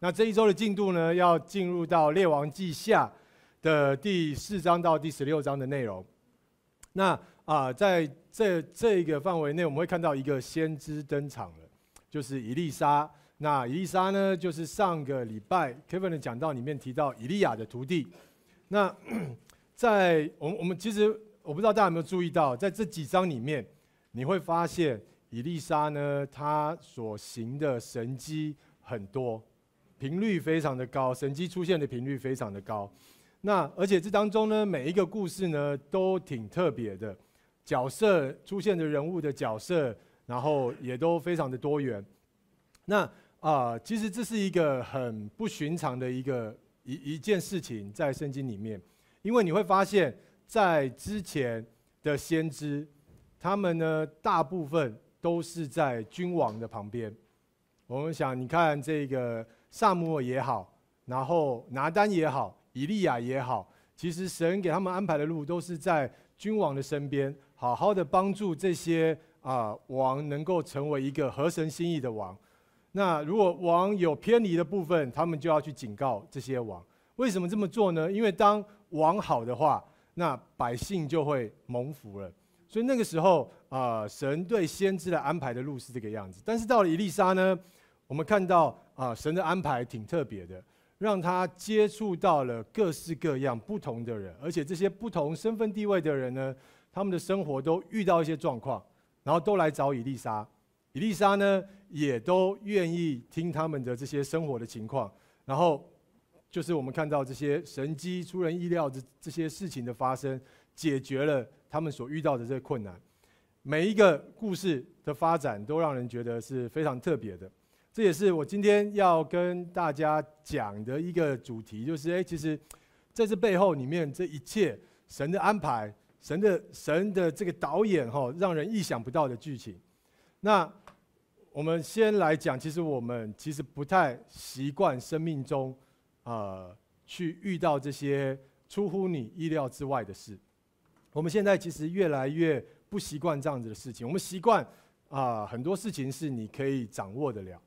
那這一周的進度呢，要進入到《列王記下》的第四章到第十六章的內容。那啊，在這這個範圍內，我們會看到一個先知登場了，就是以利沙。那以利沙呢，就是上個禮拜 Kevin 的講道裡面提到以利亞的徒弟。那在我們我們其實我不知道大家有沒有注意到，在這幾章裡面，你會發現以利沙呢，他所行的神蹟很多。頻率非常的高，神蹟出現的頻率非常的高。那而且這當中呢，每一個故事呢都挺特別的，角色出現的人物的角色，然後也都非常的多元。那啊，其實這是一個很不尋常的一個一一件事情在聖經裡面，因為你會發現在之前的先知，他們呢大部分都是在君王的旁邊。我們想，你看這個。撒母耳也好，然後拿單也好，以利亞也好，其實神給他們安排的路都是在君王的身邊，好好的幫助這些啊、呃、王能夠成為一個合神心意的王。那如果王有偏離的部分，他們就要去警告這些王。為什麼這麼做呢？因為當王好的話，那百姓就會蒙福了。所以那個時候啊、呃，神對先知的安排的路是這個樣子。但是到了以利沙呢？我們看到啊，神的安排挺特別的，讓他接觸到了各式各樣不同的人，而且這些不同身份地位的人呢，他們的生活都遇到一些狀況，然後都來找以利沙，以利沙呢也都願意聽他們的這些生活的情況，然後就是我們看到這些神蹟出人意料的這些事情的發生，解決了他們所遇到的這些困難，每一個故事的發展都讓人覺得是非常特別的。這也是我今天要跟大家講的一個主題，就是哎，其實在這背後裡面，這一切神的安排、神的神的這個導演哈、哦，讓人意想不到的劇情。那我們先來講，其實我們其實不太習慣生命中，呃，去遇到這些出乎你意料之外的事。我們現在其實越來越不習慣這樣子的事情，我們習慣啊、呃，很多事情是你可以掌握得了。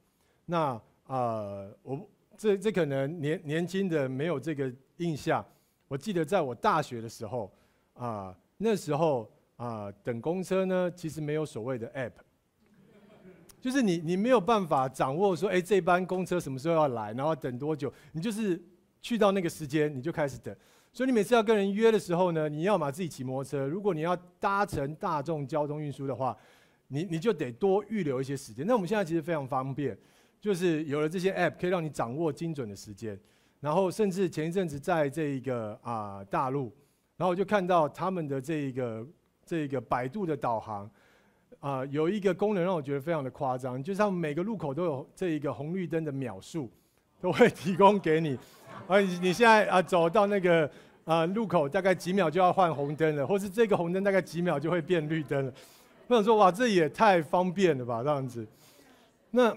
那啊、呃，我這這可能年年輕的沒有這個印象。我記得在我大學的時候，啊、呃、那時候啊、呃、等公車呢，其實沒有所謂的 app，就是你你沒有辦法掌握說，哎，這班公車什麼時候要來，然後等多久，你就是去到那個時間你就開始等。所以你每次要跟人約的時候呢，你要嘛自己騎摩托車，如果你要搭乘大眾交通運輸的話，你你就得多預留一些時間。那我們現在其實非常方便。就是有了這些 App，可以讓你掌握精準的時間。然後甚至前一陣子在這個啊大陸，然後我就看到他們的這一個這一個百度的導航，啊有一個功能讓我覺得非常的誇張，就是他們每個路口都有這一個紅綠燈的秒數，都會提供給你。而你現在啊走到那個啊路口，大概幾秒就要換紅燈了，或是這個紅燈大概幾秒就會變綠燈了。那我說哇，這也太方便了吧，這樣子。那。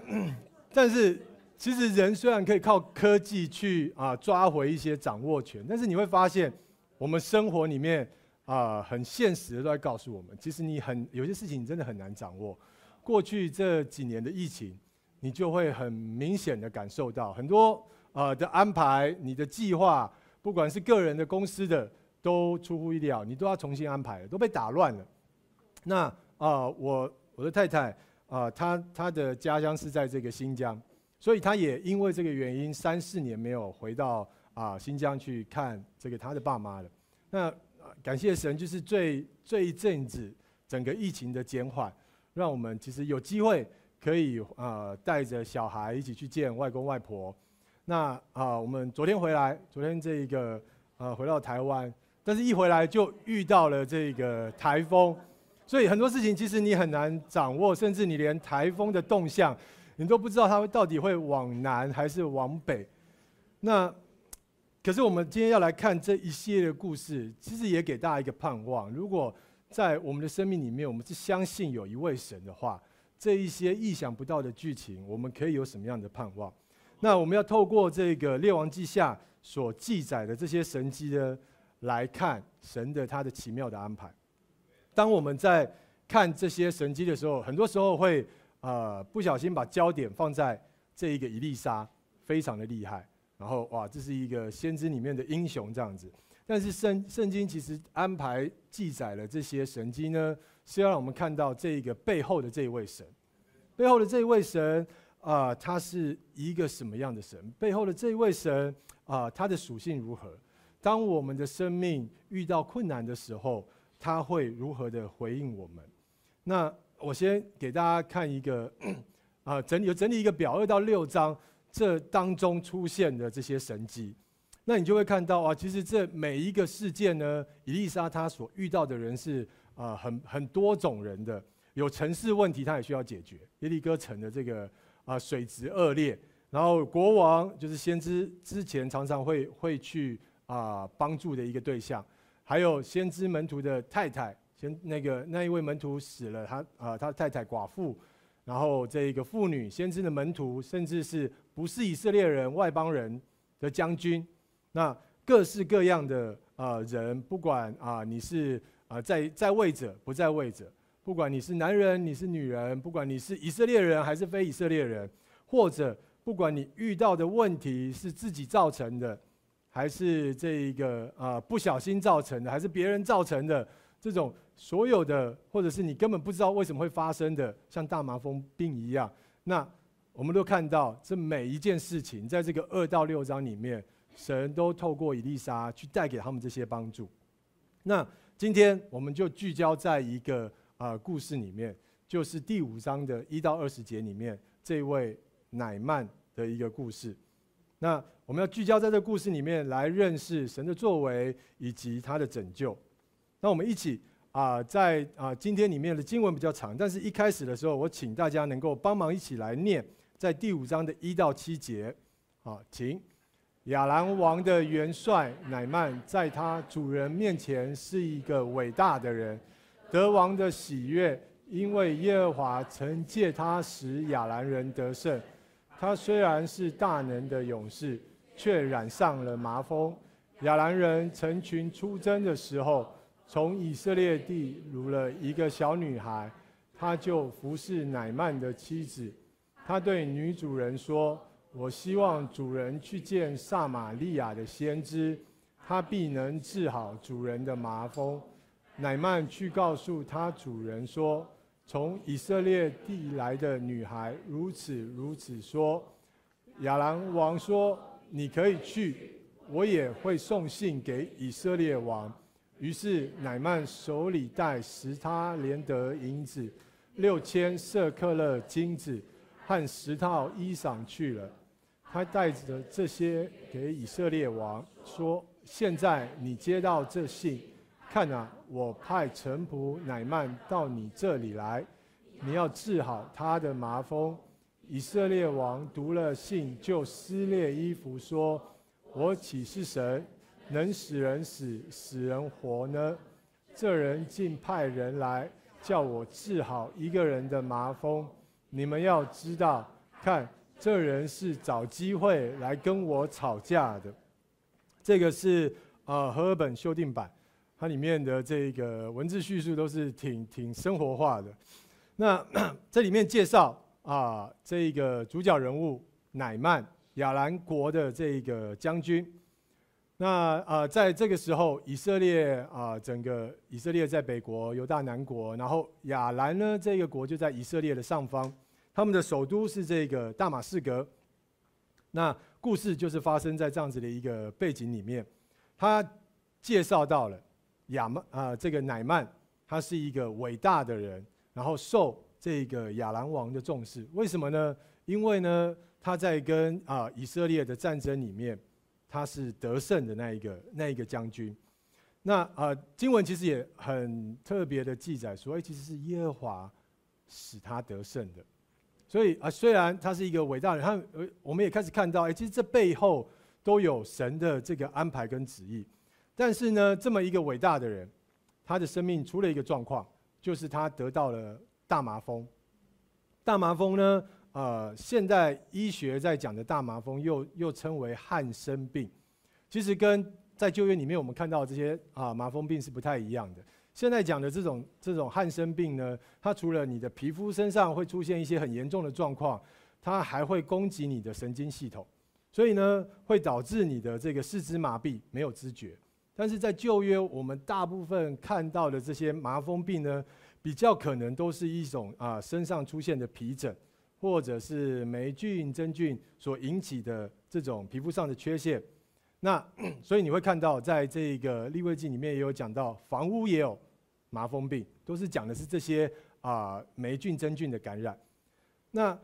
但是，其實人雖然可以靠科技去啊抓回一些掌握權，但是你會發現，我們生活裡面啊、呃、很現實的都在告訴我們，其實你很有些事情你真的很難掌握。過去這幾年的疫情，你就會很明顯的感受到很多啊、呃、的安排，你的計劃，不管是個人的、公司的，都出乎意料，你都要重新安排了，都被打亂了。那啊、呃，我我的太太。啊，他他的家鄉是在這個新疆，所以他也因為這個原因三四年沒有回到啊新疆去看這個他的爸媽了。那感謝神，就是最最一陣子整個疫情的減緩，讓我們其實有機會可以啊帶着小孩一起去見外公外婆。那啊，我們昨天回來，昨天這一個呃回到台灣，但是一回來就遇到了這個台風。所以很多事情其實你很難掌握，甚至你連台風的動向，你都不知道它到底會往南還是往北。那可是我們今天要來看這一系列的故事，其實也給大家一個盼望：如果在我們的生命裡面，我們是相信有一位神的話，這一些意想不到的劇情，我們可以有什麼樣的盼望？那我們要透過這個《列王記下》所記載的這些神蹟呢，來看神的他的奇妙的安排。當我們在看這些神蹟的時候，很多時候會啊、呃、不小心把焦點放在這一個以利沙，非常的厲害。然後哇，這是一個先知裡面的英雄這樣子。但是聖聖經其實安排記載了這些神蹟呢，是要讓我們看到這一個背後的這一位神，背後的這一位神啊，他、呃、是一個什麼樣的神？背後的這一位神啊，他、呃、的屬性如何？當我們的生命遇到困難的時候。他會如何的回應我們？那我先給大家看一個啊、呃，整理有整理一個表，二到六章這當中出現的這些神蹟，那你就會看到啊，其實這每一個事件呢，以利沙他所遇到的人是啊、呃、很很多種人的，有城市問題他也需要解決，耶利哥城的這個啊、呃、水質惡劣，然後國王就是先知之前常常會會去啊、呃、幫助的一個對象。還有先知門徒的太太，先那個那一位門徒死了他，他啊他太太寡婦，然後這一個婦女，先知的門徒，甚至是不是以色列人、外邦人的將軍，那各式各樣的啊人，不管啊你是啊在在位者不在位者，不管你是男人你是女人，不管你是以色列人還是非以色列人，或者不管你遇到的問題是自己造成的。還是這一個啊不小心造成的，還是別人造成的這種所有的，或者是你根本不知道為什麼會發生的，像大麻風病一樣。那我們都看到，這每一件事情，在這個二到六章裡面，神都透過以利沙去帶給他們這些幫助。那今天我們就聚焦在一個啊故事裡面，就是第五章的一到二十節裡面，這一位乃曼的一個故事。那我們要聚焦在這個故事裡面，來認識神的作為以及他的拯救。那我們一起啊，在啊今天裡面的經文比較長，但是一開始的時候，我請大家能夠幫忙一起來念，在第五章的一到七節。好，請亞蘭王的元帥乃曼，在他主人面前是一個偉大的人。得王的喜悅，因為耶和華曾借他使亞蘭人得勝。他雖然是大能的勇士，卻染上了麻風。亞蘭人成群出征的時候，從以色列地擄了一個小女孩，他就服侍乃曼的妻子。他對女主人說：“我希望主人去見撒瑪利亞的先知，他必能治好主人的麻風。”乃曼去告訴他主人說，從以色列地來的女孩如此如此說：“亞蘭王說，你可以去，我也會送信給以色列王。”於是乃曼手裡帶十他連得銀子、六千舍客勒金子和十套衣裳去了。他帶着這些給以色列王說：“現在你接到這信。”看啊，我派臣僕乃縵到你這裡來，你要治好他的麻風。以色列王讀了信，就撕裂衣服說：“我豈是神，能使人死，使人活呢？這人竟派人來叫我治好一個人的麻風。你們要知道，看這人是找機會來跟我吵架的。這個是呃和合本修訂版。”它裡面的這個文字敘述都是挺挺生活化的。那這裡面介紹啊，這個主角人物乃曼，亞蘭國的這個將軍。那啊，在這個時候，以色列啊，整個以色列在北國，猶大南國，然後亞蘭呢，這個國就在以色列的上方，他們的首都是這個大馬士革。那故事就是發生在這樣子的一個背景裡面。他介紹到了。雅曼啊，這個乃曼，他是一個偉大的人，然後受這個亞蘭王的重視。為什麼呢？因為呢，他在跟啊以色列的戰爭裡面，他是得勝的那一個那一個將軍。那啊，呃，經文其實也很特別的記載，所以，哎，其實是耶和華使他得勝的。所以啊，雖然他是一個偉大人，他呃，我們也開始看到，哎，其實這背後都有神的這個安排跟旨意。但是呢，這麼一個偉大的人，他的生命出了一個狀況，就是他得到了大麻風。大麻風呢，呃，現代醫學在講的大麻風，又又稱為漢生病。其實跟在舊約裡面我們看到的這些啊麻風病是不太一樣的。現在講的這種這種漢生病呢，它除了你的皮膚身上會出現一些很嚴重的狀況，它還會攻擊你的神經系統，所以呢，會導致你的這個四肢麻痹，沒有知覺。但是在舊約，我們大部分看到的這些麻風病呢，比較可能都是一種啊、呃、身上出現的皮疹，或者是黴菌真菌所引起的這種皮膚上的缺陷。那所以你會看到，在這個利未記裡面也有講到，房屋也有麻風病，都是講的是這些啊、呃、黴菌真菌的感染。那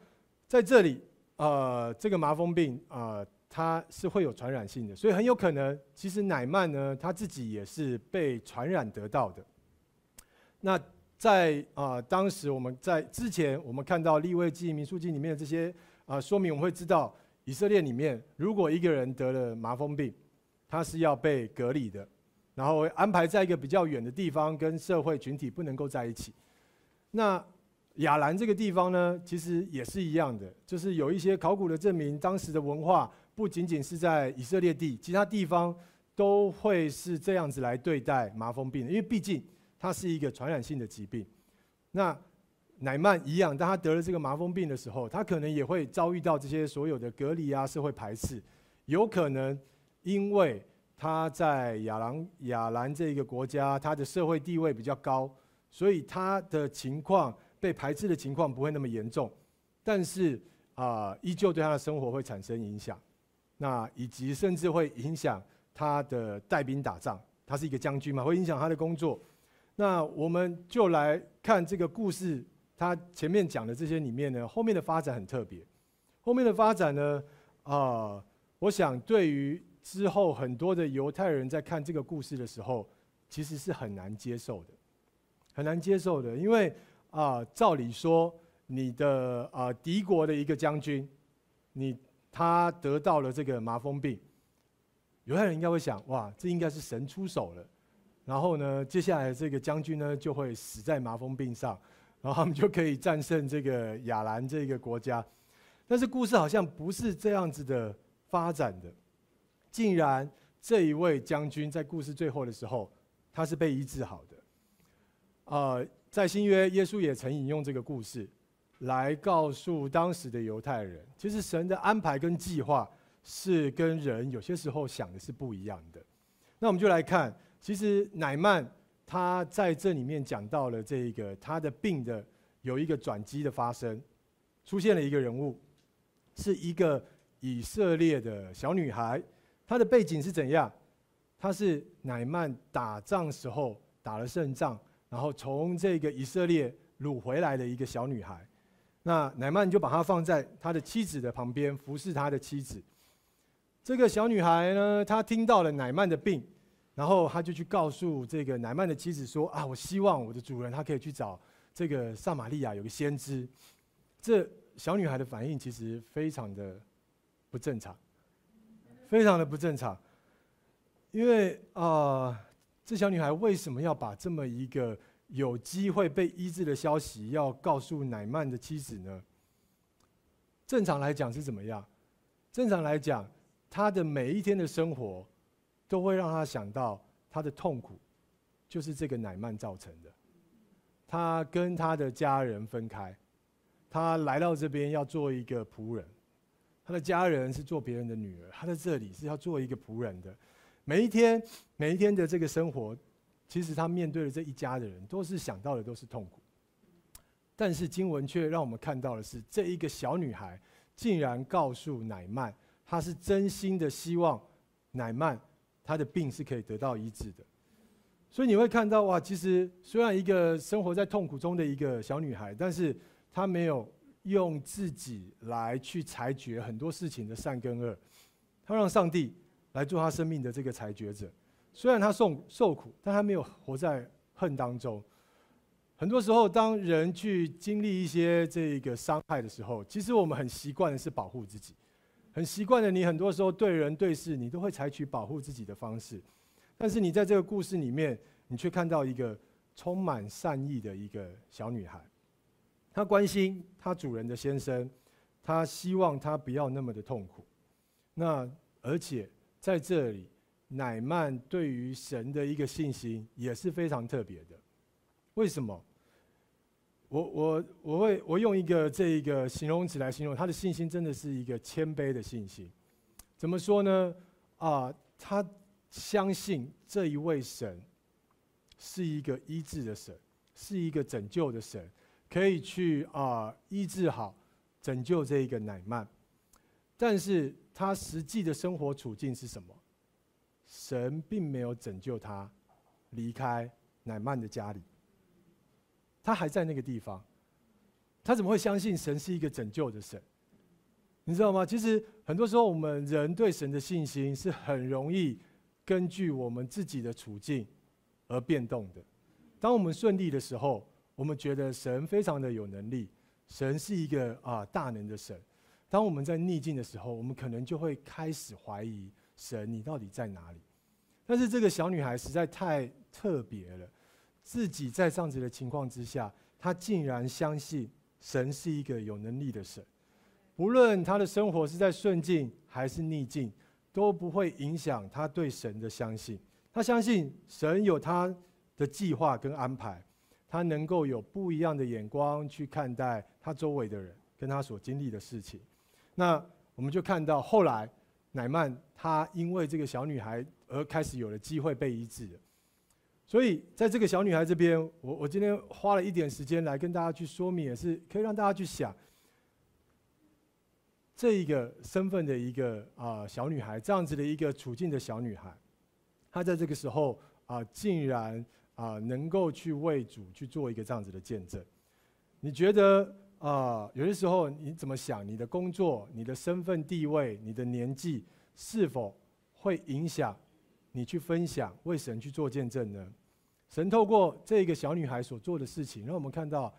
在這裡，呃，這個麻風病啊。呃它是會有傳染性的，所以很有可能，其實乃縵呢，他自己也是被傳染得到的。那在啊、呃，當時我們在之前我們看到《利未記》《民數記》裡面的這些啊、呃、說明，我們會知道以色列裡面，如果一個人得了麻風病，他是要被隔離的，然後安排在一個比較遠的地方，跟社會群體不能夠在一起。那亞蘭這個地方呢，其實也是一樣的，就是有一些考古的證明，當時的文化。不僅僅是在以色列地，其他地方都會是這樣子來對待麻風病的，因為畢竟它是一個傳染性的疾病。那乃曼一樣，當他得了這個麻風病的時候，他可能也會遭遇到這些所有的隔離啊、社會排斥。有可能因為他在亞蘭亞蘭這一個國家，他的社會地位比較高，所以他的情況被排斥的情況不會那麼嚴重，但是啊、呃，依舊對他的生活會產生影響。那以及甚至會影響他的帶兵打仗，他是一個將軍嘛，會影響他的工作。那我們就來看這個故事，他前面講的這些裡面呢，後面的發展很特別。後面的發展呢，啊，我想對於之後很多的猶太人在看這個故事的時候，其實是很難接受的，很難接受的，因為啊、呃，照理說你的啊、呃、敵國的一個將軍，你。他得到了這個麻風病有些人應該會想：哇，這應該是神出手了。然後呢，接下來這個將軍呢就會死在麻風病上，然後他們就可以戰勝這個亞蘭這個國家。但是故事好像不是這樣子的發展的，竟然這一位將軍在故事最後的時候，他是被醫治好的。呃，在新約，耶穌也曾引用這個故事。來告訴當時的猶太人，其實神的安排跟計劃是跟人有些時候想的是不一樣的。那我們就來看，其實乃曼他在這裡面講到了這個他的病的有一個轉機的發生，出現了一個人物，是一個以色列的小女孩。她的背景是怎樣？她是乃曼打仗時候打了勝仗，然後從這個以色列擄回來的一個小女孩。那乃曼就把他放在他的妻子的旁邊服侍他的妻子。這個小女孩呢，她聽到了乃曼的病，然後她就去告訴這個乃曼的妻子說：“啊，我希望我的主人他可以去找這個撒瑪利亞有個先知。”這小女孩的反應其實非常的不正常，非常的不正常，因為啊，這小女孩為什麼要把這麼一個？有機會被醫治的消息要告訴乃曼的妻子呢？正常來講是怎麼樣？正常來講，他的每一天的生活都會讓他想到他的痛苦，就是這個乃曼造成的。他跟他的家人分開，他來到這邊要做一個僕人。他的家人是做別人的女兒，他在這裡是要做一個僕人的。每一天，每一天的這個生活。其實他面對的這一家的人，都是想到的都是痛苦，但是經文卻讓我們看到的是，這一個小女孩竟然告訴乃縵，她是真心的希望乃縵她的病是可以得到醫治的。所以你會看到，哇，其實雖然一個生活在痛苦中的一個小女孩，但是她沒有用自己來去裁決很多事情的善跟惡，她讓上帝來做她生命的這個裁決者。雖然他受受苦，但他沒有活在恨當中。很多時候，當人去經歷一些這個傷害的時候，其實我們很習慣的是保護自己，很習慣的，你很多時候對人對事，你都會採取保護自己的方式。但是你在這個故事裡面，你卻看到一個充滿善意的一個小女孩，她關心她主人的先生，她希望他不要那麼的痛苦。那而且在這裡。乃曼對於神的一個信心也是非常特別的。為什麼？我我我會我用一個這一個形容詞來形容他的信心，真的是一個謙卑的信心。怎麼說呢？啊、呃，他相信這一位神是一個醫治的神，是一個拯救的神，可以去啊、呃、醫治好、拯救這一個乃曼。但是他實際的生活處境是什麼？神並沒有拯救他，離開乃縵的家裡。他還在那個地方，他怎麼會相信神是一個拯救的神？你知道嗎？其實很多時候，我們人對神的信心是很容易根據我們自己的處境而變動的。當我們順利的時候，我們覺得神非常的有能力，神是一個啊大能的神；當我們在逆境的時候，我們可能就會開始懷疑。神，你到底在哪裡？但是這個小女孩實在太特別了，自己在這樣子的情況之下，她竟然相信神是一個有能力的神，不論她的生活是在順境還是逆境，都不會影響她對神的相信。她相信神有她的計劃跟安排，她能夠有不一樣的眼光去看待她周圍的人，跟她所經歷的事情。那我們就看到後來。乃曼他因為這個小女孩而開始有了機會被醫治，所以在這個小女孩這邊，我我今天花了一點時間來跟大家去說明，也是可以讓大家去想，這一個身份的一個啊小女孩，這樣子的一個處境的小女孩，她在這個時候啊，竟然啊能夠去為主去做一個這樣子的見證，你覺得？啊、呃，有些時候你怎麼想？你的工作、你的身份地位、你的年紀，是否會影響你去分享為神去做見證呢？神透過這個小女孩所做的事情，讓我們看到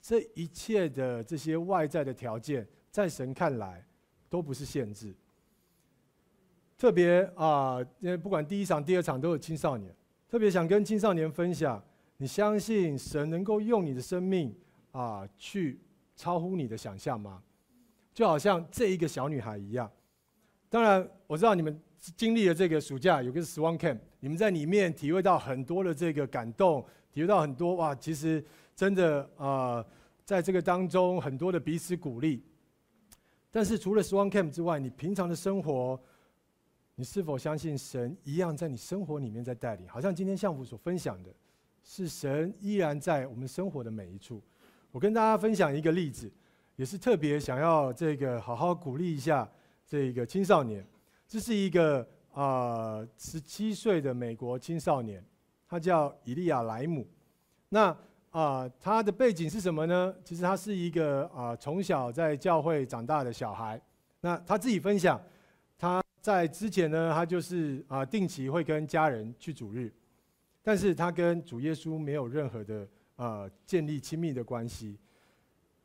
這一切的這些外在的條件，在神看來都不是限制。特別啊，因為、呃、不管第一場、第二場都有青少年，特別想跟青少年分享：你相信神能夠用你的生命啊、呃、去。超乎你的想象嗎？就好像這一個小女孩一樣。當然，我知道你們經歷了這個暑假，有個是 Swan Camp，你們在裡面體會到很多的這個感動，體會到很多哇，其實真的啊、呃，在這個當中很多的彼此鼓勵。但是除了 Swan Camp 之外，你平常的生活，你是否相信神一樣在你生活裡面在帶領？好像今天相府所分享的，是神依然在我們生活的每一處。我跟大家分享一個例子，也是特別想要這個好好鼓勵一下這個青少年。這是一個啊十七歲的美國青少年，他叫伊利亞萊姆。那啊、呃、他的背景是什麼呢？其實他是一個啊、呃、從小在教會長大的小孩。那他自己分享，他在之前呢，他就是啊、呃、定期會跟家人去主日，但是他跟主耶穌沒有任何的。呃，建立親密的關係。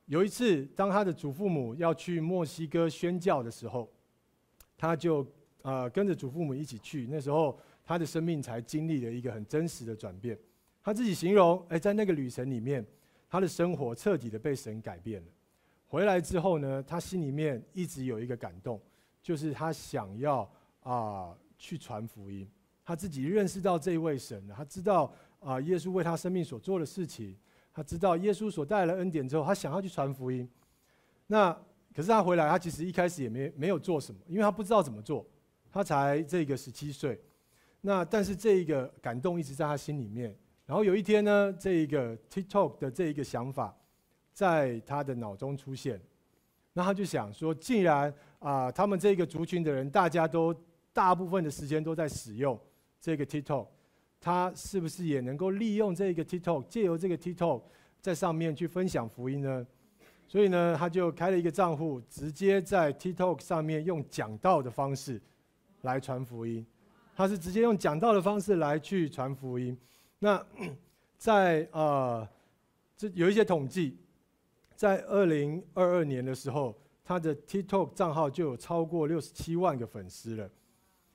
有一次，當他的祖父母要去墨西哥宣教的時候，他就呃跟着祖父母一起去。那時候，他的生命才經歷了一個很真實的轉變。他自己形容，哎，在那個旅程裡面，他的生活徹底的被神改變了。回來之後呢，他心裡面一直有一個感動，就是他想要啊，呃，去傳福音。他自己認識到這一位神，他知道。啊！耶穌為他生命所做的事情，他知道耶穌所帶來的恩典之後，他想要去傳福音。那可是他回來，他其實一開始也沒沒有做什麼，因為他不知道怎麼做。他才這個十七歲。那但是這一個感動一直在他心裡面。然後有一天呢，這一個 TikTok 的這一個想法在他的腦中出現，那他就想說，既然啊，他們這個族群的人，大家都大部分的時間都在使用這個 TikTok。他是不是也能夠利用這個 TikTok，借由這個 TikTok 在上面去分享福音呢？所以呢，他就開了一個賬戶，直接在 TikTok 上面用講道的方式來傳福音。他是直接用講道的方式來去傳福音。那在呃，這有一些統計，在二零二二年的時候，他的 TikTok 賬號就有超過六十七萬個粉絲了。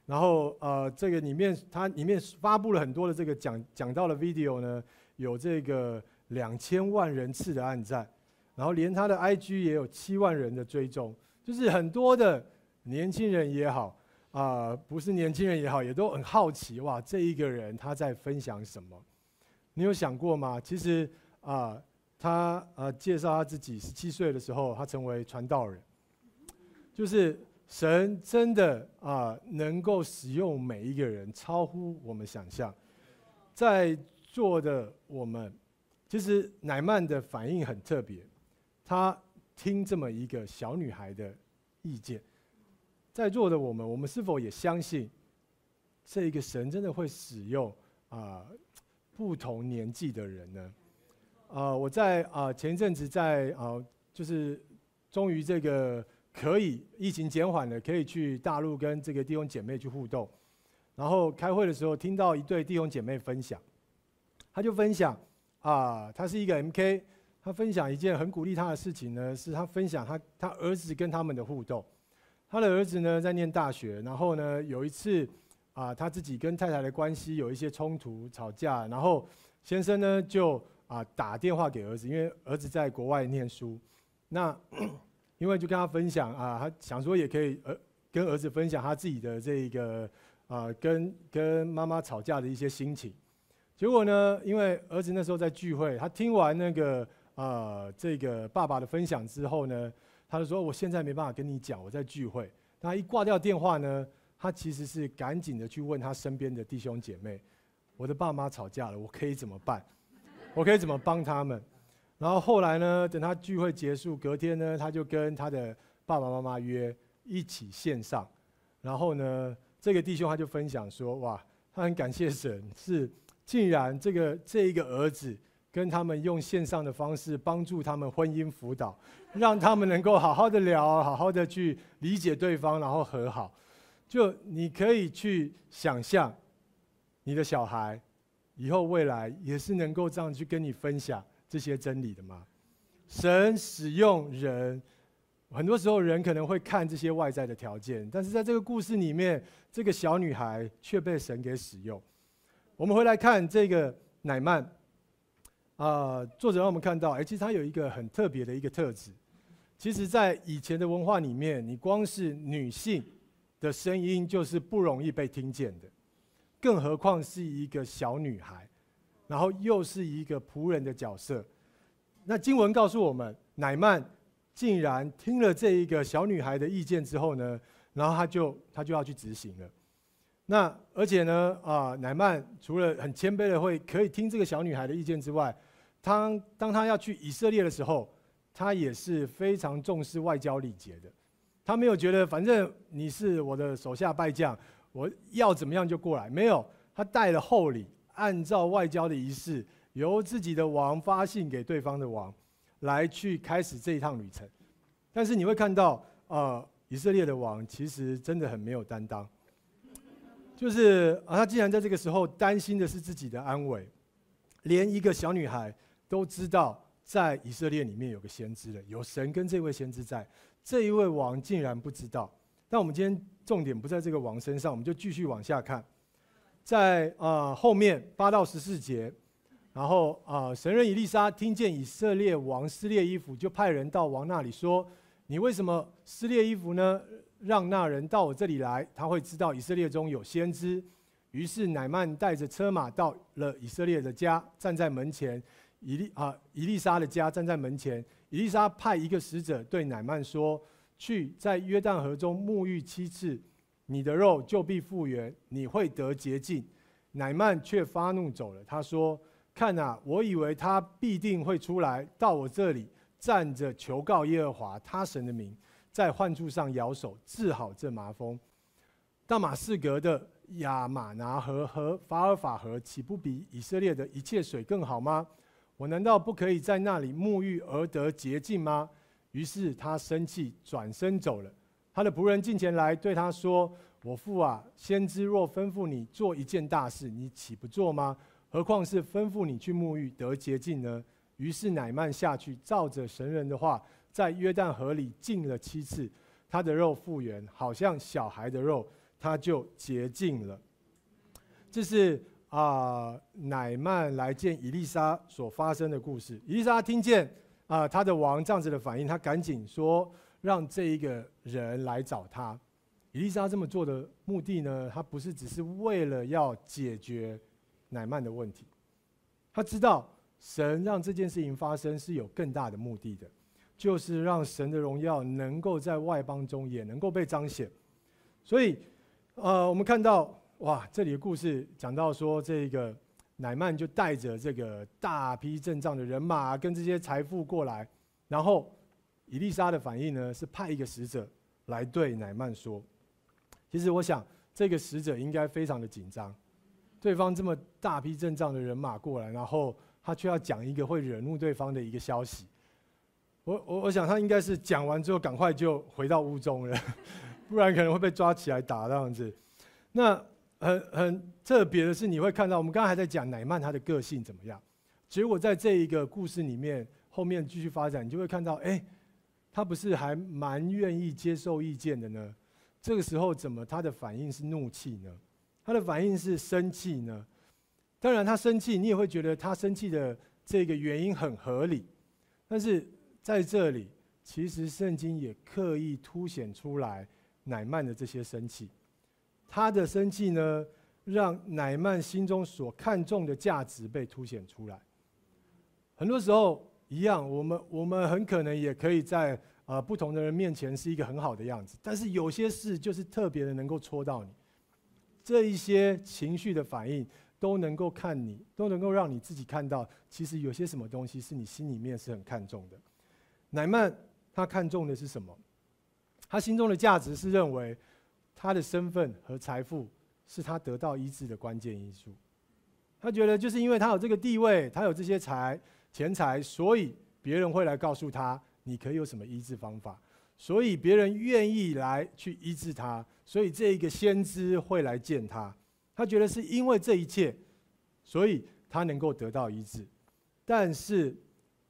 然後呃，這個裡面他裡面發佈了很多的這個講講到的 video 呢，有這個兩千萬人次的按讚，然後連他的 IG 也有七萬人的追蹤，就是很多的年輕人也好啊、呃，不是年輕人也好，也都很好奇哇，這一個人他在分享什麼？你有想過嗎？其實啊、呃，他啊、呃、介紹他自己十七歲的時候，他成為傳道人，就是。神真的啊、呃，能夠使用每一個人，超乎我們想象。在座的我們，其、就、實、是、乃曼的反應很特別，他聽這麼一個小女孩的意見。在座的我們，我們是否也相信，這一個神真的會使用啊、呃、不同年紀的人呢？啊、呃，我在啊、呃、前陣子在啊、呃，就是終於這個。可以疫情減緩的，可以去大陸跟這個弟兄姐妹去互動。然後開會的時候，聽到一對弟兄姐妹分享，他就分享啊，他是一個 MK，他分享一件很鼓勵他的事情呢，是他分享他他兒子跟他們的互動。他的兒子呢在念大學，然後呢有一次啊，他自己跟太太的關係有一些衝突吵架，然後先生呢就啊打電話給兒子，因為兒子在國外念書，那。因為就跟他分享啊、呃，他想說也可以呃跟兒子分享他自己的這個啊、呃、跟跟媽媽吵架的一些心情。結果呢，因為兒子那時候在聚會，他聽完那個啊、呃，這個爸爸的分享之後呢，他就說，我現在沒辦法跟你講，我在聚會。那一掛掉電話呢，他其實是趕緊的去問他身邊的弟兄姐妹，我的爸媽吵架了，我可以怎麼辦？我可以怎麼幫他們？然後後來呢，等他聚會結束，隔天呢，他就跟他的爸爸媽媽約一起線上。然後呢，這個弟兄他就分享說：“哇，他很感謝神，是竟然這個這一個兒子跟他們用線上的方式幫助他們婚姻輔導，讓他們能夠好好的聊，好好的去理解對方，然後和好。就你可以去想象，你的小孩以後未來也是能夠這樣去跟你分享。”這些真理的嗎？神使用人，很多時候人可能會看這些外在的條件，但是在這個故事裡面，這個小女孩卻被神給使用。我們回來看這個乃曼，啊、呃，作者讓我們看到，哎、欸，其實他有一個很特別的一個特質。其實，在以前的文化裡面，你光是女性的聲音就是不容易被聽見的，更何況是一個小女孩。然後又是一個僕人的角色，那經文告訴我們，乃曼竟然聽了這一個小女孩的意見之後呢，然後他就他就要去執行了。那而且呢，啊，乃曼除了很謙卑的會可以聽這個小女孩的意見之外，他當他要去以色列的時候，他也是非常重視外交禮節的。他沒有覺得反正你是我的手下敗將，我要怎麼樣就過來。沒有，他帶了厚禮。按照外交的儀式，由自己的王發信給對方的王，來去開始這一趟旅程。但是你會看到，啊、呃，以色列的王其實真的很沒有擔當。就是啊，他竟然在這個時候擔心的是自己的安危，連一個小女孩都知道在以色列裡面有個先知了，有神跟這位先知在，這一位王竟然不知道。那我們今天重點不在這個王身上，我們就繼續往下看。在呃後面八到十四節，然後啊、呃、神人以利沙聽見以色列王撕裂衣服，就派人到王那裡說：“你為什麼撕裂衣服呢？讓那人到我這裡來，他會知道以色列中有先知。”於是乃曼帶着車馬到了以色列的家，站在門前以利啊、呃、以利沙的家站在門前，以利沙派一個使者對乃曼說：“去在約旦河中沐浴七次。”你的肉就必復原，你會得潔淨。乃曼卻發怒走了，他說：“看啊，我以為他必定會出來到我這裡站着求告耶和華他神的名，在患處上搖手治好這麻風。大馬士革的亞瑪拿河和法爾法河，豈不比以色列的一切水更好嗎？我難道不可以在那裡沐浴而得潔淨嗎？”於是他生氣，轉身走了。他的僕人進前來對他說：“我父啊，先知若吩咐你做一件大事，你豈不做嗎？何況是吩咐你去沐浴得潔淨呢？”於是乃曼下去照着神人的話，在約旦河裡浸了七次，他的肉復原，好像小孩的肉，他就潔淨了。這是啊、呃，乃曼來見以利沙所發生的故事。以利沙聽見啊、呃，他的王這樣子的反應，他趕緊說，讓這一個人來找他，以利沙這麼做的目的呢，他不是只是為了要解決乃曼的問題，他知道神讓這件事情發生是有更大的目的的，就是讓神的榮耀能夠在外邦中也能夠被彰顯。所以，呃，我們看到哇，這裡的故事講到說，這個乃曼就帶着這個大批陣仗的人馬跟這些財富過來，然後。伊麗莎的反應呢，是派一個使者來對乃縵說。其實我想，這個使者應該非常的緊張，對方這麼大批陣仗的人馬過來，然後他卻要講一個會惹怒對方的一個消息。我我我想，他應該是講完之後，趕快就回到屋中了，不然可能會被抓起來打這樣子。那很很特別的是，你會看到我們剛才還在講乃縵他的個性怎麼樣，結果在這一個故事裡面後面繼續發展，你就會看到，哎。他不是還蠻願意接受意見的呢？這個時候怎麼他的反應是怒氣呢？他的反應是生氣呢？當然他生氣，你也會覺得他生氣的這個原因很合理。但是在這裡，其實聖經也刻意凸顯出來乃曼的這些生氣。他的生氣呢，讓乃曼心中所看重的價值被凸顯出來。很多時候一樣，我們我們很可能也可以在。呃，不同的人面前是一個很好的樣子，但是有些事就是特別的能夠戳到你，這一些情緒的反應都能夠看你，都能夠讓你自己看到，其實有些什麼東西是你心裡面是很看重的。乃曼他看重的是什麼？他心中的價值是認為他的身份和財富是他得到醫治的關鍵因素。他覺得就是因為他有這個地位，他有這些財錢財，所以別人會來告訴他，你可以有什麼醫治方法？所以別人願意來去醫治他，所以這一個先知會來見他。他覺得是因為這一切，所以他能夠得到醫治。但是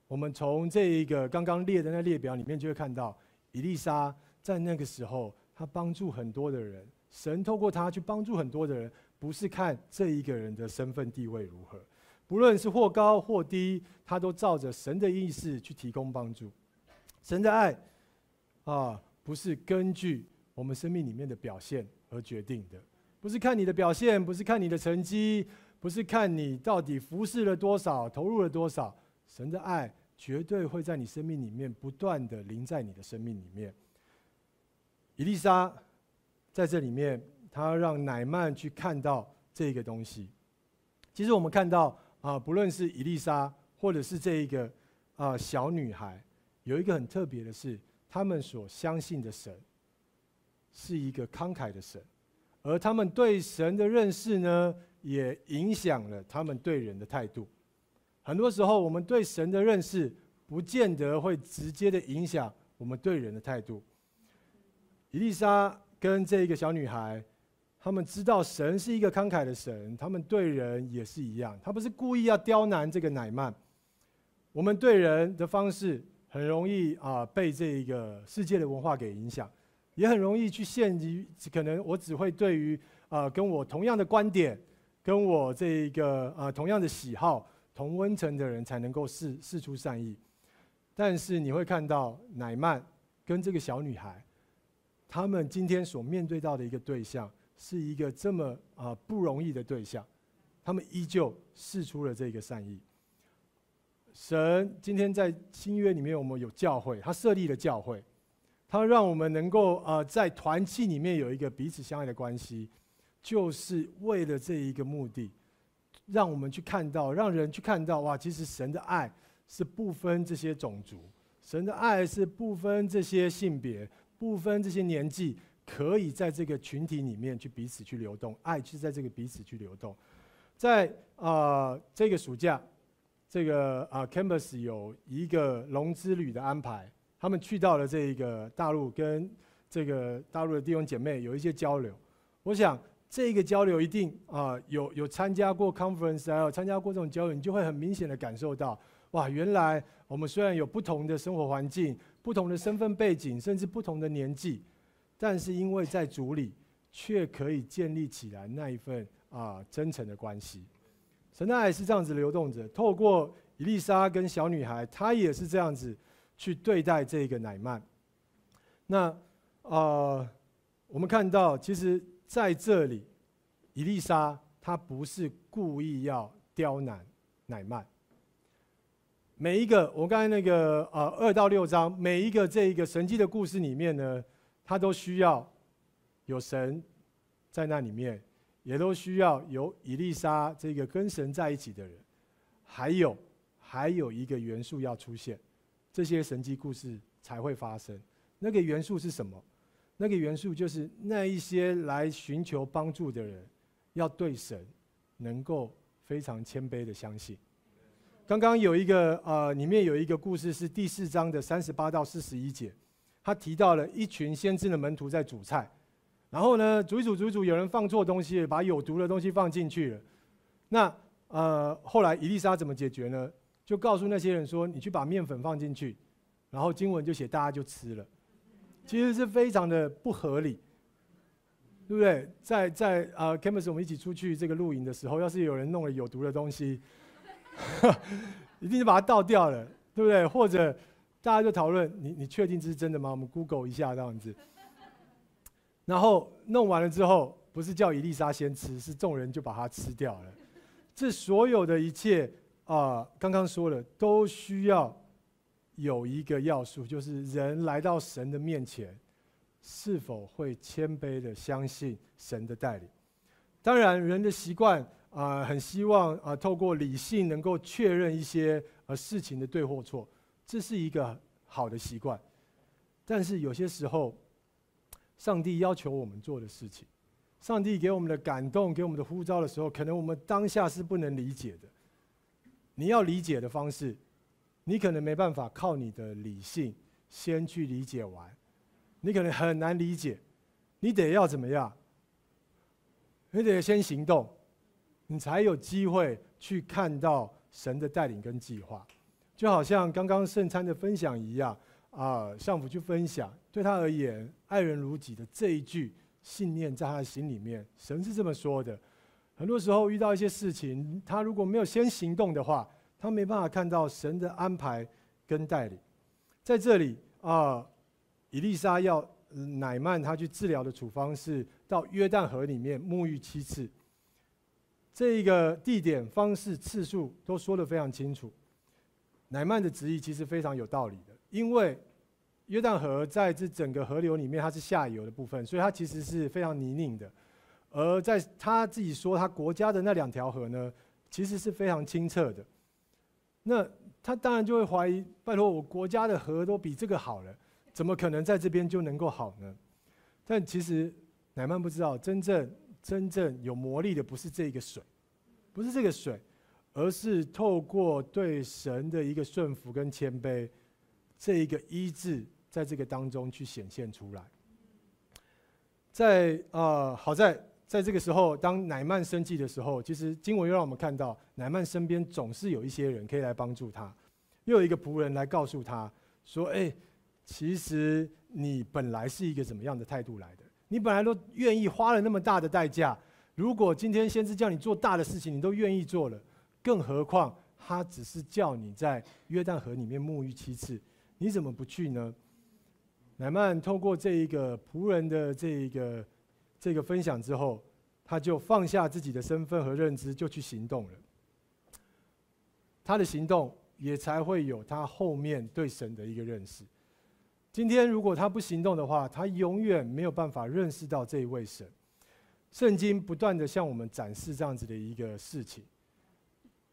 我們從這一個剛剛列的那列表，裡面就會看到，以利沙在那個時候，他幫助很多的人。神透過他去幫助很多的人，不是看這一個人的身份地位如何，不論是或高或低，他都照着神的意思去提供幫助。神的愛，啊，不是根據我們生命裡面的表現而決定的，不是看你的表現，不是看你的成績，不是看你到底服侍了多少，投入了多少。神的愛絕對會在你生命裡面不斷的臨在你的生命裡面。以利沙在這裡面，她讓乃縵去看到這個東西。其實我們看到啊，不論是以利沙，或者是這一個啊小女孩。有一個很特別的是，他們所相信的神是一個慷慨的神，而他們對神的認識呢，也影響了他們對人的態度。很多時候，我們對神的認識不見得會直接的影響我們對人的態度。以利沙跟這個小女孩，他們知道神是一個慷慨的神，他們對人也是一樣。他不是故意要刁難這個乃縵，我們對人的方式，很容易啊，被這個世界的文化給影響，也很容易去陷於可能我只會對於啊跟我同樣的觀點，跟我這個啊同樣的喜好、同溫層的人才能夠釋，釋出善意。但是你會看到乃縵、跟這個小女孩，他們今天所面對到的一個對象，是一個這麼啊不容易的對象，他們依舊釋出了這個善意。神今天在新約裡面，我們有教會，他設立了教會，他讓我們能夠呃，在團契裡面有一個彼此相愛的關係，就是為了這一個目的，讓我們去看到，讓人去看到，哇，其實神的愛是不分這些種族，神的愛是不分這些性別，不分這些年紀，可以在這個群體裡面去彼此去流動，愛是在這個彼此去流動，在啊、呃、這個暑假。這個啊，Campus 有一個龍之旅的安排，他們去到了這個大陸，跟這個大陸的弟兄姐妹有一些交流。我想這個交流一定啊，有有參加過 Conference，還有參加過這種交流，你就會很明顯的感受到，哇，原來我們雖然有不同的生活環境、不同的身份背景，甚至不同的年紀，但是因為在主裡，卻可以建立起來那一份啊真誠的關係。神的愛也是這樣子流動着，透過以利沙跟小女孩，她也是這樣子去對待這個乃縵。那呃，我們看到其實在這裡，以利沙她不是故意要刁難乃縵。每一個我剛才那個呃二到六章，每一個這一個神蹟的故事裡面呢，它都需要有神在那裡面。也都需要有以利沙這個跟神在一起的人，還有還有一個元素要出現，這些神蹟故事才會發生。那個元素是什麼？那個元素就是那一些來尋求幫助的人，要對神能夠非常謙卑的相信。剛剛有一個呃，裡面有一個故事是第四章的三十八到四十一節，他提到了一群先知的門徒在煮菜。然後呢，煮一煮，煮一煮，有人放錯東西，把有毒的東西放進去了。那呃，後來以利沙怎麼解決呢？就告訴那些人說：“你去把麵粉放進去。”然後經文就寫，大家就吃了，其實是非常的不合理，對不對？在在啊、呃，campus，我們一起出去這個露營的時候，要是有人弄了有毒的東西，一定就把它倒掉了，對不對？或者大家就討論：“你你確定這是真的嗎？”我們 Google 一下這樣子。然後弄完了之後，不是叫以利沙先吃，是眾人就把它吃掉了。這所有的一切啊、呃，剛剛說了，都需要有一個要素，就是人來到神的面前，是否會謙卑的相信神的帶領？當然，人的習慣啊、呃，很希望啊、呃，透過理性能夠確認一些呃事情的對或錯，這是一個好的習慣。但是有些時候，上帝要求我們做的事情，上帝給我們的感動、給我們的呼召的時候，可能我們當下是不能理解的。你要理解的方式，你可能沒辦法靠你的理性先去理解完，你可能很難理解，你得要怎麼樣？你得先行動，你才有機會去看到神的帶領跟計劃，就好像剛剛聖餐的分享一樣。啊、呃，上府去分享，對他而言，愛人如己的這一句信念，在他的心裡面，神是這麼說的。很多時候遇到一些事情，他如果沒有先行動的話，他沒辦法看到神的安排跟帶領。在這裡啊、呃，以利沙要乃曼他去治療的處方是到約旦河裡面沐浴七次，這一個地點、方式、次數都說得非常清楚。乃曼的質疑其實非常有道理的。因為約旦河在這整個河流裡面，它是下游的部分，所以它其實是非常泥濘的。而在他自己說他國家的那兩條河呢，其實是非常清澈的。那他當然就會懷疑：拜托，我國家的河都比這個好了，怎麼可能在這邊就能夠好呢？但其實乃曼不知道，真正真正有魔力的不是這個水，不是這個水，而是透過對神的一個順服跟謙卑。這一個醫治在這個當中去顯現出來在、在、呃、啊，好在在這個時候，當乃曼生氣的時候，其實經文又讓我們看到，乃曼身邊總是有一些人可以來幫助他。又有一個僕人來告訴他說：“哎、欸，其實你本來是一個怎麼樣的態度來的？你本來都願意花了那麼大的代價，如果今天先知叫你做大的事情，你都願意做了，更何況他只是叫你在約旦河裡面沐浴七次。”你怎麼不去呢？乃曼透過這一個僕人的這一個這個分享之後，他就放下自己的身份和認知，就去行動了。他的行動也才會有他後面對神的一個認識。今天如果他不行動的話，他永遠沒有辦法認識到這一位神。聖經不斷地向我們展示這樣子的一個事情。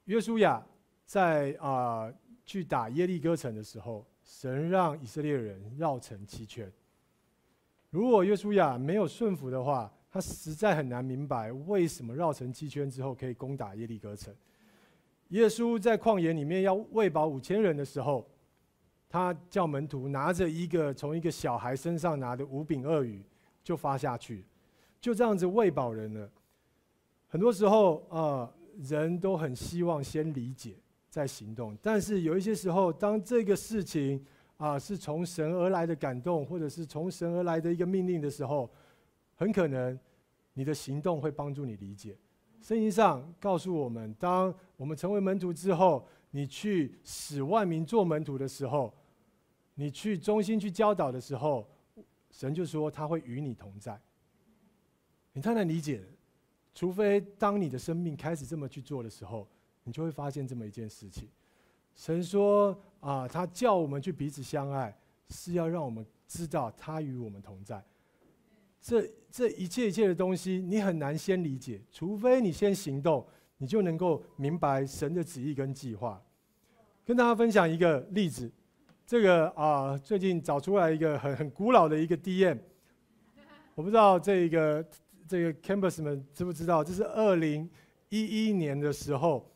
約書亞在啊、呃、去打耶利哥城的時候，神讓以色列人繞城七圈。如果約書亞沒有順服的話，他實在很難明白為什麼繞城七圈之後可以攻打耶利哥城。耶穌在曠野裡面要餵飽五千人的時候，他叫門徒拿着一個從一個小孩身上拿的五餅二魚就發下去，就這樣子餵飽人了。很多時候啊，人都很希望先理解。在行動，但是有一些時候，當這個事情啊是從神而來的感動，或者是從神而來的一個命令的時候，很可能你的行動會幫助你理解。聖經上告訴我們，當我們成為門徒之後，你去使萬民做門徒的時候，你去中心去教導的時候，神就說他會與你同在。你太難理解，除非當你的生命開始這麼去做的時候。你就會發現這麼一件事情，神說啊，他叫我們去彼此相愛，是要讓我們知道他與我們同在。這這一切一切的東西，你很難先理解，除非你先行動，你就能夠明白神的旨意跟計劃。跟大家分享一個例子，這個啊，最近找出來一個很很古老的一個 DM，我不知道這個這個 Campus 們知不知道，這是二零一一年的時候。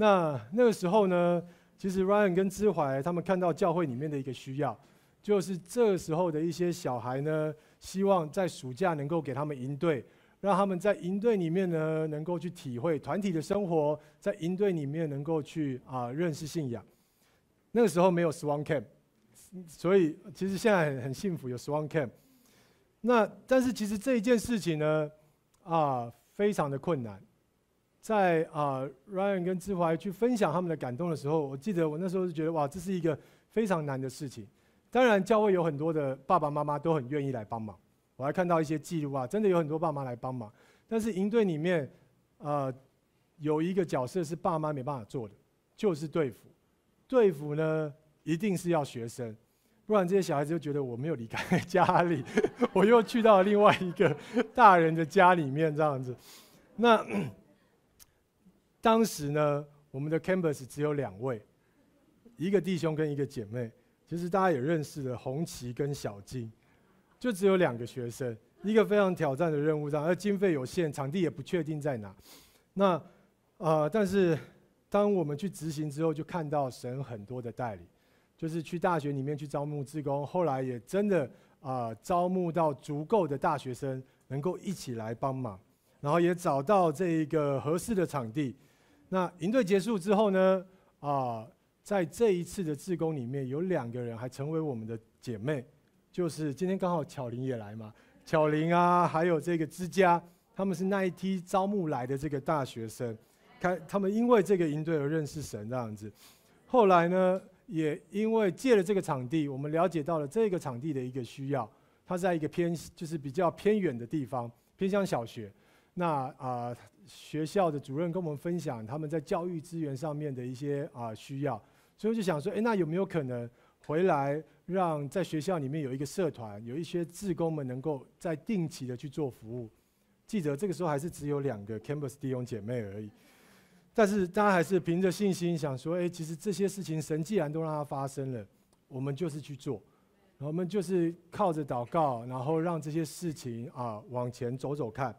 那那個時候呢，其實 Ryan 跟志懷他們看到教會裡面的一個需要，就是這時候的一些小孩呢，希望在暑假能夠給他們營隊，讓他們在營隊裡面呢，能夠去體會團體的生活，在營隊裡面能夠去啊認識信仰。那個時候沒有 Swan Camp，所以其實現在很很幸福有 Swan Camp。那但是其實這一件事情呢，啊非常的困難。在啊，Ryan 跟志懷去分享他們的感動的時候，我記得我那時候就覺得哇，這是一個非常難的事情。當然，教會有很多的爸爸媽媽都很願意來幫忙。我還看到一些記錄啊，真的有很多爸媽來幫忙。但是營隊裡面，呃，有一個角色是爸媽沒辦法做的，就是隊輔。隊輔呢，一定是要學生，不然這些小孩子就覺得我沒有離開家裡，我又去到另外一個大人的家裡面這樣子。那。當時呢，我們的 campus 只有兩位，一個弟兄跟一個姐妹，其實大家也認識了，紅旗跟小金就只有兩個學生，一個非常挑戰的任務上，而經費有限，場地也不確定在哪。那啊、呃，但是當我們去執行之後，就看到神很多的帶領，就是去大學裡面去招募志工，後來也真的啊、呃，招募到足夠的大學生能夠一起來幫忙，然後也找到這一個合適的場地。那營隊結束之後呢，啊、呃，在這一次的志工裡面，有兩個人還成為我們的姐妹，就是今天剛好巧玲也來嘛，巧玲啊，還有這個之家，他們是那一期招募來的這個大學生，看他們因為這個營隊而認識神這樣子。後來呢，也因為借了這個場地，我們了解到了這個場地的一個需要，它在一個偏就是比較偏遠的地方，偏鄉小學。那啊、呃，學校的主任跟我們分享他們在教育資源上面的一些啊、呃、需要，所以我就想說，哎、欸，那有沒有可能回來讓在學校裡面有一個社團，有一些志工們能夠在定期的去做服務？記得這個時候還是只有兩個 Campus 弟兄姐妹而已，但是大家還是憑着信心想說，哎、欸，其實這些事情神既然都讓它發生了，我們就是去做，我們就是靠着禱告，然後讓這些事情啊、呃、往前走走看。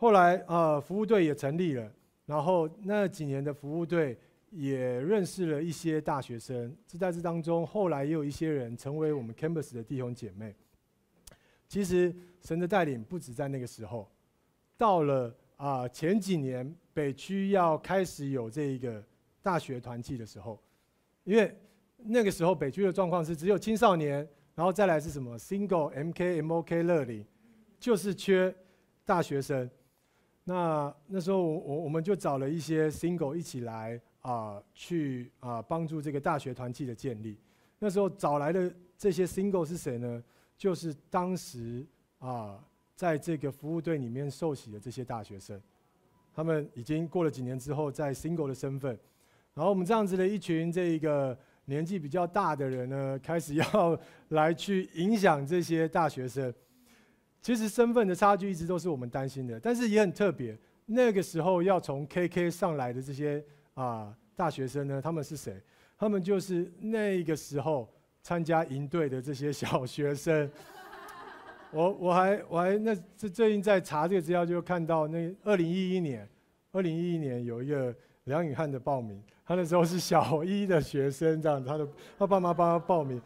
後來呃，服務隊也成立了，然後那幾年的服務隊也認識了一些大學生。就在這當中，後來也有一些人成為我們 Campus 的弟兄姐妹。其實神的帶領不止在那個時候，到了啊、呃、前幾年北區要開始有這一個大學團契的時候，因為那個時候北區的狀況是只有青少年，然後再來是什麼 Single MK, M K M O K 樂齡，就是缺大學生。那那時候我我們就找了一些 single 一起來啊去啊幫助這個大學團契的建立。那時候找來的這些 single 是誰呢？就是當時啊在這個服務隊裡面受洗的這些大學生，他們已經過了幾年之後，在 single 的身份。然後我們這樣子的一群這一個年紀比較大的人呢，開始要來去影響這些大學生。其實身份的差距一直都是我們擔心的，但是也很特別。那個時候要從 KK 上來的這些啊、呃、大學生呢，他們是誰？他們就是那個時候參加營隊的這些小學生。我我還我還那這最近在查這個資料，就看到那二零一一年，二零一一年有一個梁宇漢的報名，他那時候是小一的學生，這樣子，他的他爸媽幫他報名，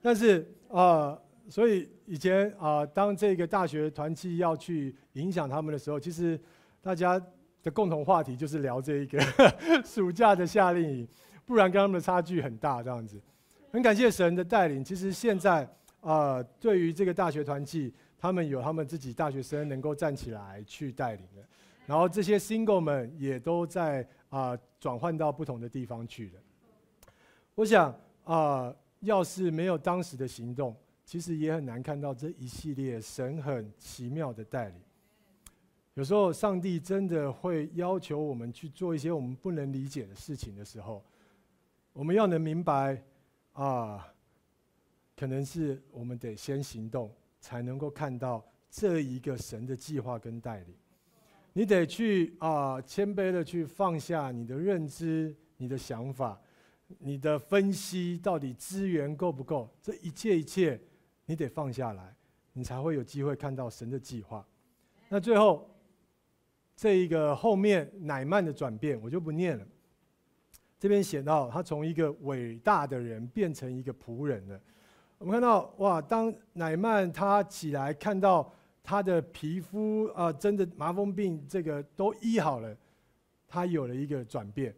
但是啊。呃所以以前啊、呃，當這個大學團契要去影響他們的時候，其實大家的共同話題就是聊這一個呵呵暑假的夏令營，不然跟他們的差距很大這樣子。很感謝神的帶領。其實現在啊、呃，對於這個大學團契，他們有他們自己大學生能夠站起來去帶領的，然後這些 single 們也都在啊、呃，轉換到不同的地方去了。我想啊、呃，要是沒有當時的行動，其實也很難看到這一系列神很奇妙的帶領。有時候上帝真的會要求我們去做一些我們不能理解的事情的時候，我們要能明白，啊，可能是我們得先行動，才能夠看到這一個神的計劃跟帶領。你得去啊，謙卑的去放下你的認知、你的想法、你的分析，到底資源夠不夠？這一切一切。你得放下來，你才會有機會看到神的計劃。那最後，這一個後面乃縵的轉變，我就不念了。這邊寫到，他從一個偉大的人變成一個僕人了。我們看到，哇，當乃縵他起來，看到他的皮膚啊、呃，真的麻風病這個都醫好了，他有了一個轉變，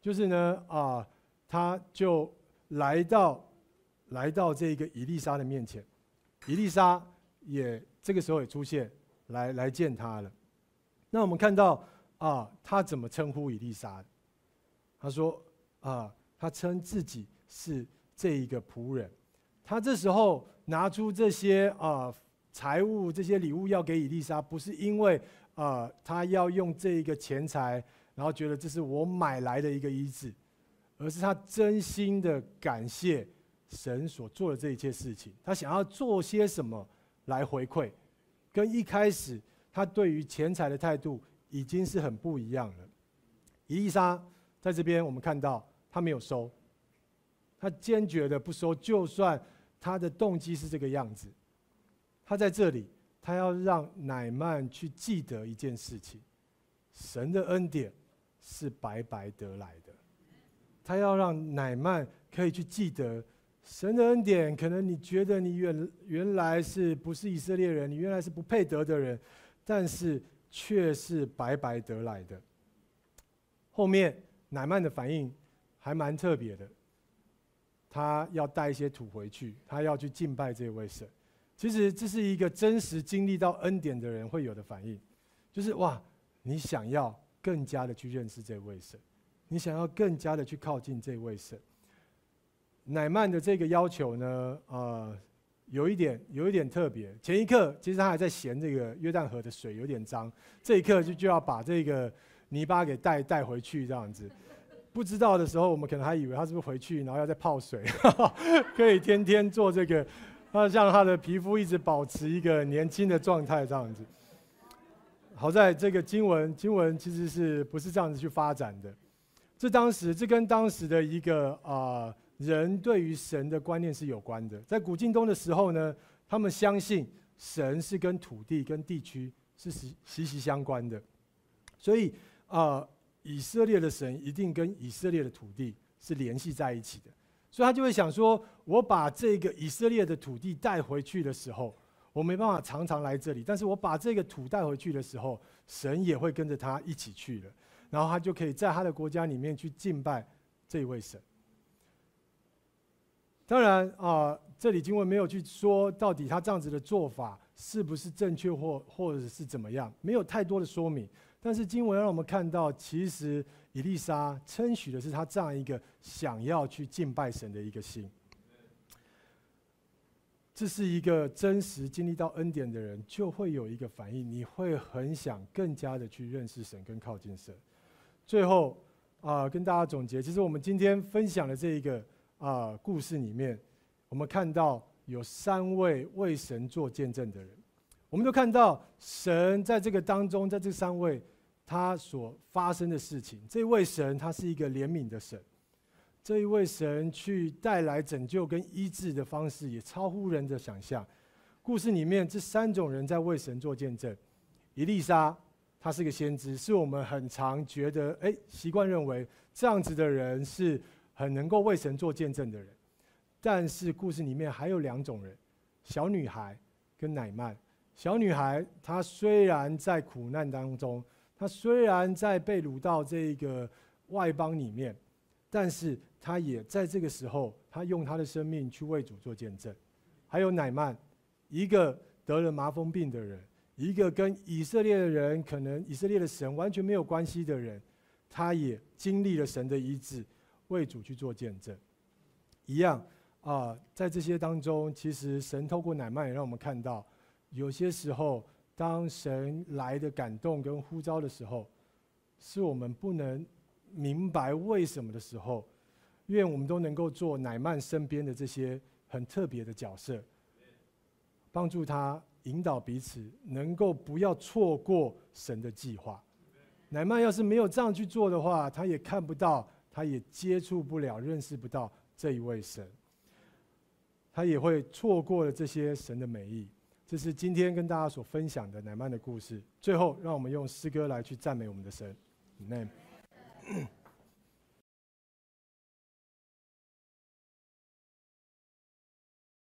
就是呢，啊、呃，他就來到來到這個以利沙的面前。以利沙也這個時候也出現來來見他了。那我們看到啊，他怎麼稱呼以利沙？他說啊，他稱自己是這一個僕人。他這時候拿出這些啊財物、這些禮物要給以利沙，不是因為啊他要用這一個錢財，然後覺得這是我買來的一個醫治，而是他真心的感謝。神所做的這一切事情，他想要做些什麼來回饋，跟一開始他對於錢財的態度已經是很不一樣了。以利沙，在這邊，我們看到他沒有收，他堅決的不收，就算他的動機是這個樣子，他在這裡，他要讓乃曼去記得一件事情：神的恩典是白白得來的。他要讓乃曼可以去記得。神的恩典，可能你覺得你原原來是不是以色列人，你原來是不配得的人，但是卻是白白得來的。後面，乃曼的反應還蠻特別的，他要帶一些土回去，他要去敬拜這位神。其實這是一個真實經歷到恩典的人會有的反應，就是哇，你想要更加的去認識這位神，你想要更加的去靠近這位神。乃曼的這個要求呢，呃，有一點有一點特別。前一刻其實他還在嫌這個約旦河的水有點髒，這一刻就就要把這個泥巴給帶帶回去這樣子。不知道的時候，我們可能還以為他是不是回去，然後要再泡水， 可以天天做這個，他像他的皮膚一直保持一個年輕的狀態這樣子。好在這個經文，經文其實是不是這樣子去發展的？這當時，這跟當時的一個啊。呃人對於神的觀念是有關的，在古近東的時候呢，他們相信神是跟土地、跟地區是息息相關的，所以啊，以色列的神一定跟以色列的土地是聯繫在一起的，所以他就會想說：我把這個以色列的土地帶回去的時候，我沒辦法常常來這裡，但是我把這個土帶回去的時候，神也會跟着他一起去的，然後他就可以在他的國家裡面去敬拜這一位神。當然啊，這裡經文沒有去說到底他這樣子的做法是不是正確或或者是怎麼樣，沒有太多的說明。但是經文讓我們看到，其實以利沙稱許的是他這樣一個想要去敬拜神的一個心。這是一個真實經歷到恩典的人，就會有一個反應，你會很想更加的去認識神跟靠近神。最後啊，跟大家總結，其實我們今天分享的這一個。啊、呃，故事裡面，我們看到有三位為神做見證的人，我們都看到神在這個當中，在這三位他所發生的事情，這位神他是一個憐憫的神，這一位神去帶來拯救跟醫治的方式也超乎人的想象。故事裡面這三種人在為神做見證，以利沙她是個先知，是我們很常覺得誒，習慣認為這樣子的人是。很能夠為神做見證的人，但是故事裡面還有兩種人：小女孩跟乃曼。小女孩她雖然在苦難當中，她雖然在被擄到這個外邦裡面，但是她也在這個時候，她用她的生命去為主做見證。還有乃曼，一個得了麻風病的人，一個跟以色列的人，可能以色列的神完全沒有關係的人，他也經歷了神的醫治。為主去做見證，一樣啊、呃，在這些當中，其實神透過乃曼也讓我們看到，有些時候當神來的感動跟呼召的時候，是我們不能明白為什麼的時候，願我們都能夠做乃曼身邊的這些很特別的角色，幫助他引導彼此，能夠不要錯過神的計劃。乃曼要是沒有這樣去做的話，他也看不到。他也接觸不了，認識不到這一位神，他也會錯過了這些神的美意。這是今天跟大家所分享的乃曼的故事。最後，讓我們用詩歌來去讚美我們的神。